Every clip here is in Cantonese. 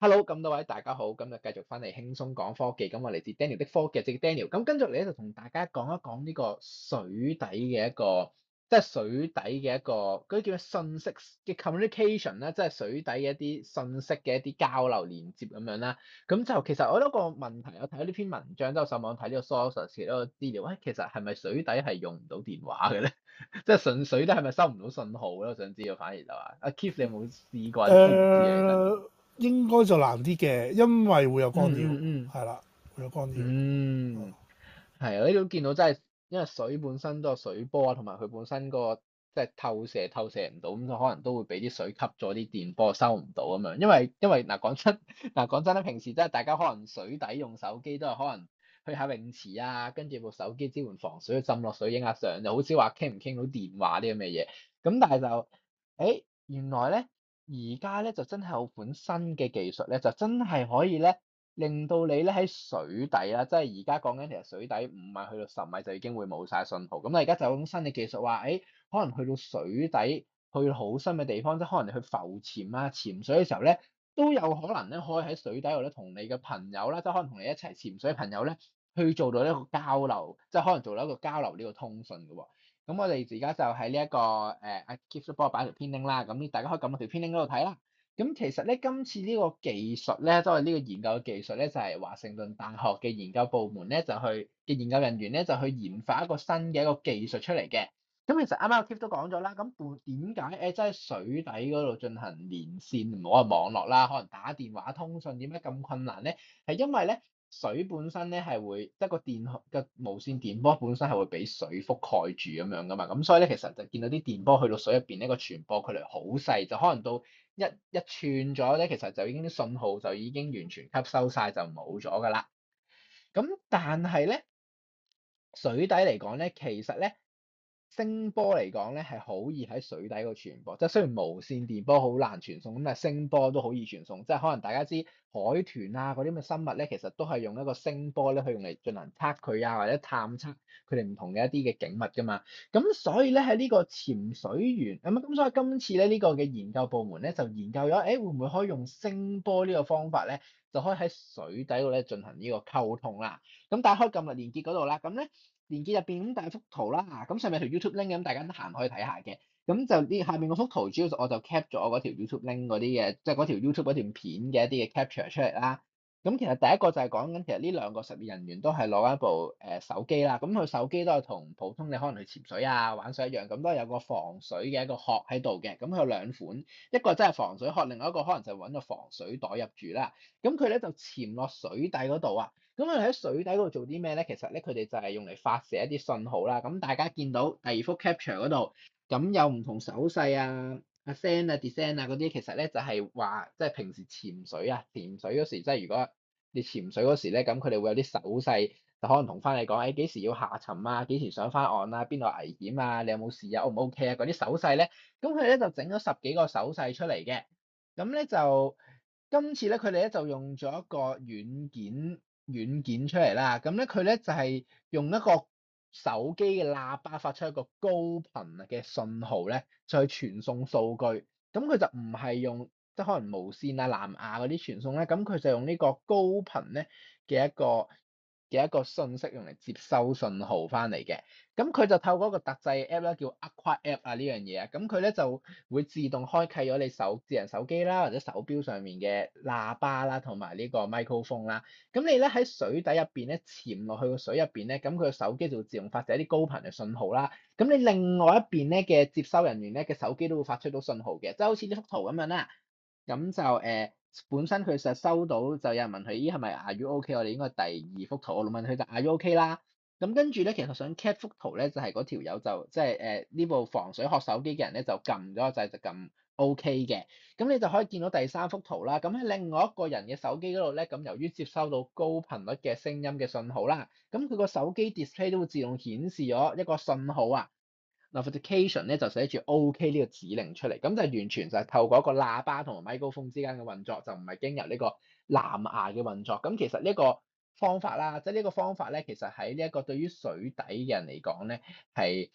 Hello，咁多位大家好，今日繼續翻嚟輕鬆講科技，咁我嚟自 Daniel 的科技，即係 Daniel，咁跟住嚟咧就同大家講一講呢個水底嘅一個。即係水底嘅一個嗰啲叫咩信息嘅 communication 咧，即係水底嘅一啲信息嘅一啲交流連接咁樣啦。咁就其實我諗個問題，我睇呢篇文章，都係上網睇呢個 source，其，其實個資料，誒其實係咪水底係用唔到電話嘅咧？ 即係純粹都係咪收唔到信號咧？我想知道，反而就話。阿 Kip，e 你有冇試過？誒應該就難啲嘅，因為會有光點。嗯，係、嗯、啦，會有光點。嗯，係啊，呢度見到真係。因為水本身都有水波啊，同埋佢本身嗰、個即係透射透射唔到，咁就可能都會俾啲水吸咗啲電波，收唔到咁樣。因為因為嗱講、呃、真嗱講真咧，平時即係大家可能水底用手機都係可能去下泳池啊，跟住部手機支援防水浸落水影下相，就好少話傾唔傾到電話啲咁嘅嘢。咁但係就誒原來咧而家咧就真係有款新嘅技術咧，就真係可以咧。令到你咧喺水底啦，即係而家講緊其實水底唔係去到十米就已經會冇晒信號。咁咧而家就有種新嘅技術話，誒可能去到水底，去到好深嘅地方，即係可能你去浮潛啊、潛水嘅時候咧，都有可能咧可以喺水底度咧同你嘅朋友啦，即係可能同你一齊潛水嘅朋友咧，去做到一個交流，即係可能做到一個交流呢個通訊嘅喎。咁、嗯、我哋而家就喺呢一個誒、呃、I keep the p h 啦，咁大家可以咁多條片 link 嗰度睇啦。咁其實咧，今次呢個技術咧，都係呢個研究嘅技術咧，就係、是、華盛頓大學嘅研究部門咧，就去嘅研究人員咧，就去研發一個新嘅一個技術出嚟嘅。咁、嗯、其實啱啱阿 tip 都講咗啦。咁點解誒，即係水底嗰度進行連線，唔好話網絡啦，可能打電話通訊，點解咁困難咧？係因為咧。水本身咧係會，即個電嘅無線電波本身係會俾水覆蓋住咁樣噶嘛。咁所以咧，其實就見到啲電波去到水入邊呢個傳播距離好細，就可能到一一寸咗咧，其實就已經啲信號就已經完全吸收晒，就冇咗噶啦。咁但係咧，水底嚟講咧，其實咧。聲波嚟講咧，係好易喺水底度傳播，即係雖然無線電波好難傳送，但係聲波都好易傳送，即係可能大家知海豚啊嗰啲咁嘅生物咧，其實都係用一個聲波咧去用嚟進行測佢啊，或者探測佢哋唔同嘅一啲嘅景物噶嘛。咁所以咧喺呢個潛水員，咁、嗯、咁所以今次咧呢、這個嘅研究部門咧就研究咗，誒會唔會可以用聲波呢個方法咧？就可以喺水底度咧進行呢個溝通啦。咁打開撳落連結嗰度啦，咁咧連結入邊咁大幅圖啦。咁上面條 YouTube link 咁大家行可以睇下嘅。咁就呢下面嗰幅圖主要我就 cap 咗我嗰條 YouTube link 嗰啲嘅，即係嗰條 YouTube 嗰條片嘅一啲嘅 capture 出嚟啦。咁其實第一個就係講緊，其實呢兩個實驗人員都係攞一部誒、呃、手機啦。咁佢手機都係同普通你可能你去潛水啊、玩水一樣，咁都係有個防水嘅一個殼喺度嘅。咁佢有兩款，一個真係防水殼，另外一個可能就係搵個防水袋入住啦。咁佢咧就潛落水底嗰度啊。咁佢喺水底嗰度做啲咩咧？其實咧佢哋就係用嚟發射一啲信號啦。咁大家見到第二幅 capture 嗰度，咁有唔同手勢啊。啊，ascend 啊，descend 啊，嗰啲、啊、其實咧就係、是、話，即係平時潛水啊、潛水嗰時，即係如果你潛水嗰時咧，咁佢哋會有啲手勢，就可能同翻你講，誒、哎、幾時要下沉啊，幾時上翻岸啊，邊度危險啊，你有冇事啊？O 唔 O K 啊？嗰啲手勢咧，咁佢咧就整咗十幾個手勢出嚟嘅，咁咧就今次咧佢哋咧就用咗一個軟件軟件出嚟啦，咁咧佢咧就係、是、用一個。手機嘅喇叭發出一個高頻嘅信號咧，就去傳送數據。咁佢就唔係用，即係可能無線啊、藍牙嗰啲傳送咧，咁佢就用呢個高頻咧嘅一個。嘅一個信息用嚟接收信號翻嚟嘅，咁佢就透過一個特製 app 啦，叫 Aqua App 啊呢樣嘢啊，咁佢咧就會自動開啟咗你手智能手機啦或者手錶上面嘅喇叭啦同埋呢個 microphone 啦，咁你咧喺水底入邊咧潛落去個水入邊咧，咁佢個手機就會自動發射一啲高頻嘅信號啦，咁你另外一邊咧嘅接收人員咧嘅手機都會發出到信號嘅，即係好似呢幅圖咁樣啦，咁就誒。呃本身佢實收到就有人問佢，咦係咪 are you OK？我哋應該第二幅圖。我問佢就 are you OK 啦。咁跟住咧，其實想 catch 幅圖咧，就係嗰條友就即係誒呢部防水殼手機嘅人咧，就撳咗就係就撳 OK 嘅。咁你就可以見到第三幅圖啦。咁喺另外一個人嘅手機嗰度咧，咁由於接收到高頻率嘅聲音嘅信號啦，咁佢個手機 display 都會自動顯示咗一個信號啊。Notification 咧就寫住 OK 呢個指令出嚟，咁就完全就係透過一個喇叭同埋 microphone 之間嘅運作，就唔係經由呢個藍牙嘅運作。咁其實呢一個方法啦，即係呢個方法咧，其實喺呢一個對於水底嘅人嚟講咧，係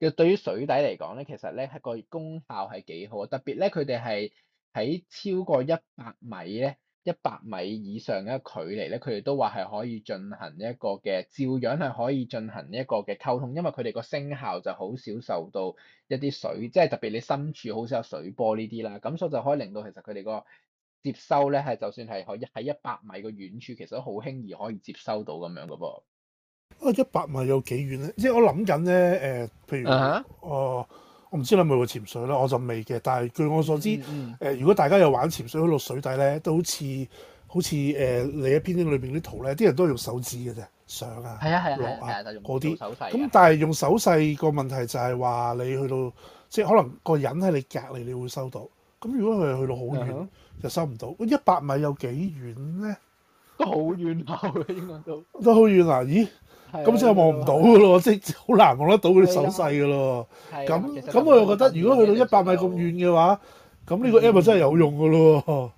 嘅。對於水底嚟講咧，其實咧係個功效係幾好啊！特別咧，佢哋係喺超過一百米咧。一百米以上嘅距離咧，佢哋都話係可以進行一個嘅，照樣係可以進行一個嘅溝通，因為佢哋個聲效就好少受到一啲水，即係特別你深處好少有水波呢啲啦，咁所以就可以令到其實佢哋個接收咧係就算係可以喺一百米嘅遠處，其實都好輕易可以接收到咁樣嘅噃。啊，一百米有幾遠咧？即係我諗緊咧，誒、呃，譬如哦。Uh huh. 呃我唔知你有冇過潛水咧？我就未嘅。但係據我所知，誒、嗯嗯呃，如果大家有玩潛水去到，到水底咧，都好似好似誒、呃，你喺編編裏邊啲圖咧，啲人都係用手指嘅啫，上啊落啊嗰啲手勢。咁但係用手勢個問題就係話你去到、嗯、即係可能個人喺你隔籬，你會收到。咁如果佢去到好遠，就收唔到。一百、嗯、米有幾遠咧？都好遠下嘅應該，都 都好遠啊！咦？咁即係望唔到嘅咯，即係好難望得到嗰啲手勢嘅咯。咁咁我又覺得，如果去到一百米咁遠嘅話，咁呢個 app 真係有用嘅咯。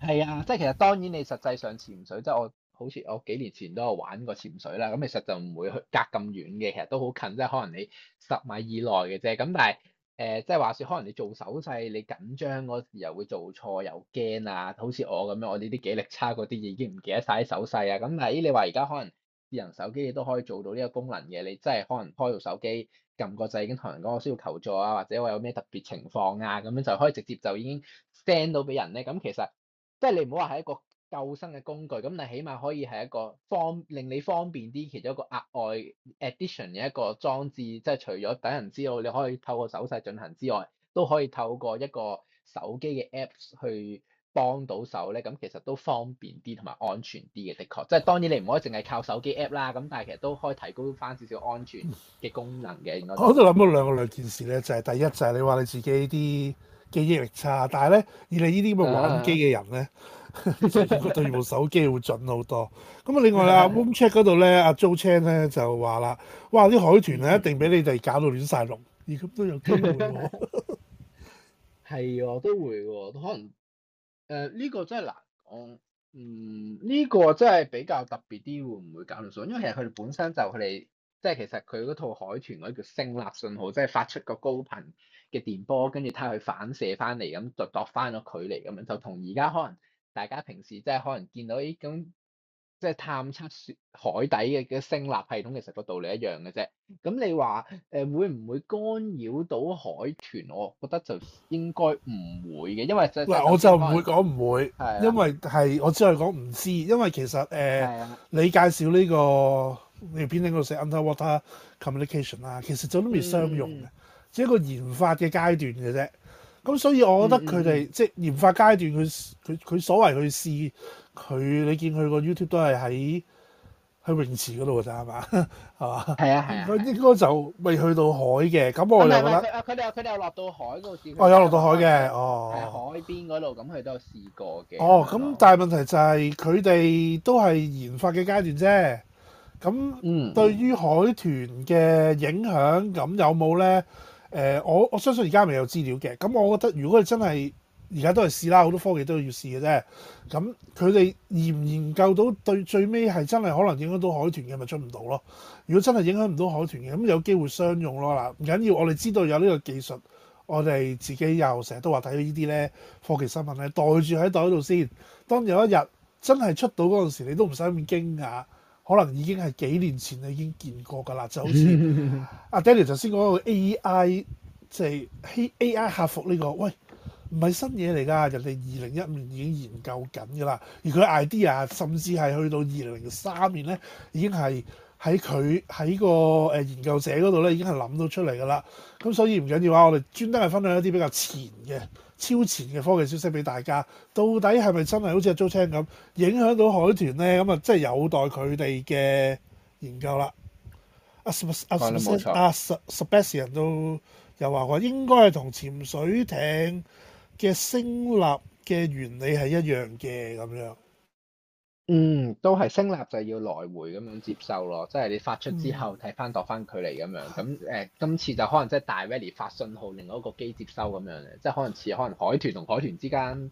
係啊，即係其實當然你實際上潛水，即係我好似我幾年前都有玩過潛水啦。咁其實就唔會去隔咁遠嘅，其實都好近，即係可能你十米以內嘅啫。咁但係誒、呃，即係話說，可能你做手勢，你緊張嗰時候又會做錯又驚啊！好似我咁樣，我呢啲記力差嗰啲已經唔記得晒啲手勢啊！咁但係，你話而家可能，智能手機你都可以做到呢個功能嘅，你真係可能開到手機撳個掣已經同人講我需要求助啊，或者我有咩特別情況啊，咁樣就可以直接就已經 send 到俾人咧。咁其實即係你唔好話係一個救生嘅工具，咁你起碼可以係一個方令你方便啲，其中一個額外 addition 嘅一個裝置，即係除咗等人知道你可以透過手勢進行之外，都可以透過一個手機嘅 apps 去。幫到手咧，咁其實都方便啲同埋安全啲嘅，的確。即係當然你唔可以淨係靠手機 app 啦，咁但係其實都可以提高翻少少安全嘅功能嘅。就係、我喺度諗到兩個兩件事咧，就係、係、第一就係、係、你話你自己啲記憶力差，但係咧而你呢啲咁嘅玩機嘅人咧，uh, 對住部手機會準好多。咁啊，另外阿、uh, WhatsApp 嗰度咧，阿、啊、Jo Chan 咧就話啦，哇！啲海豚啊，一定俾你哋搞到亂晒龍，而家都有機會。係， 我都會喎，可能。誒，呢、uh, 個真係難講，嗯，呢、這個真係比較特別啲，會唔會搞到數？因為其實佢哋本身就佢哋，即係其實佢嗰套海豚嗰啲叫聲納信號，即係發出個高頻嘅電波，跟住睇下佢反射翻嚟，咁就度翻咗距離咁樣，樣就同而家可能大家平時即係可能見到，咦咁。即係探測海底嘅嘅聲納系統，其實個道理一樣嘅啫。咁你話誒、呃、會唔會干擾到海豚？我覺得就應該唔會嘅，因為嗱、即係、我就唔會講唔會，的因為係我只係講唔知。因為其實誒，呃、的你介紹呢、呢個你邊度寫 Underwater Communication 啦，其實仲都未商用嘅，嗯、只係一個研發嘅階段嘅啫。咁所以我覺得佢哋、嗯嗯、即係研發階段，佢佢佢所謂佢試佢，你見佢個 YouTube 都係喺喺泳池嗰度㗎嘛，係嘛？係啊係啊，佢、啊、應該就未去到海嘅。咁我就覺得佢哋佢哋有落到海嗰度試過。哦、嗯，嗯嗯、有落到海嘅，哦，海邊嗰度咁佢都有試過嘅。哦，咁但係問題就係佢哋都係研發嘅階段啫。咁對於海豚嘅影響，咁有冇咧？誒，我、呃、我相信而家未有資料嘅，咁我覺得如果你真係而家都係試啦，好多科技都要試嘅啫。咁佢哋研唔研究到對最尾係真係可能影響到海豚嘅，咪出唔到咯？如果真係影響唔到海豚嘅，咁有機會商用咯嗱。唔緊要，我哋知道有呢個技術，我哋自己又成日都話睇呢啲咧科技新聞咧，袋住喺袋度先。當有一日真係出到嗰陣時，你都唔使咁驚啊！可能已經係幾年前咧已經見過㗎啦，就好似阿 Danny 頭先講個 A I 即係 A I 客服呢個，喂，唔係新嘢嚟㗎，人哋二零一五年已經研究緊㗎啦。而佢 idea 甚至係去到二零零三年咧，已經係喺佢喺個誒研究者嗰度咧已經係諗到出嚟㗎啦。咁所以唔緊要啊，我哋專登係分享一啲比較前嘅。超前嘅科技消息俾大家，到底係咪真係好似阿 Zocean 咁影響到海豚咧？咁啊，即係有待佢哋嘅研究啦。阿阿阿阿 Sebastian 都又話過，應該係同潛水艇嘅升立嘅原理係一樣嘅咁樣。嗯，都係升立就係，要來回咁樣接收咯，即係你發出之後睇翻度翻距離咁樣。咁誒、呃，今次就可能即係大 valley 發信號，另外一個機接收咁樣咧，即係可能似可能海豚同海豚之間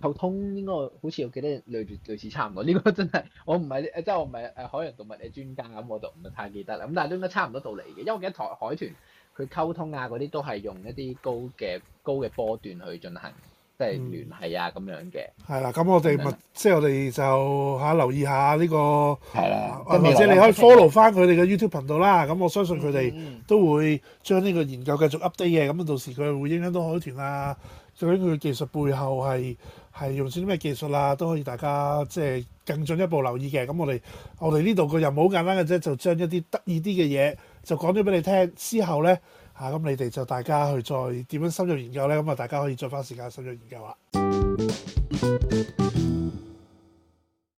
溝通應該，應該好似我記得類似類似差唔多。呢，呢個真係我唔係即係我唔係誒海洋動物嘅專家，咁我就唔太記得啦。咁但係都應該差唔多道理嘅，因為我記得啲海豚佢溝通啊，嗰啲都係用一啲高嘅高嘅波段去進行。嗯、聯繫啊，咁樣嘅。係啦，咁我哋咪，的即係我哋就嚇、啊、留意下呢、呢個。係啦的，或者你可以 follow 翻佢哋嘅 YouTube 頻道啦。咁的我相信佢哋都會將呢個研究繼續 update 嘅。咁到時佢會影響到海豚啊。究竟佢嘅技術背後係係用咗啲咩技術啊？都可以大家即係更進一步留意嘅。咁我哋我哋呢度個任務好簡單嘅啫，就將一啲得意啲嘅嘢就講咗俾你聽之後咧。嚇！咁、啊、你哋就大家去再點樣深入研究咧？咁、嗯、啊，大家可以再花時間深入研究啦。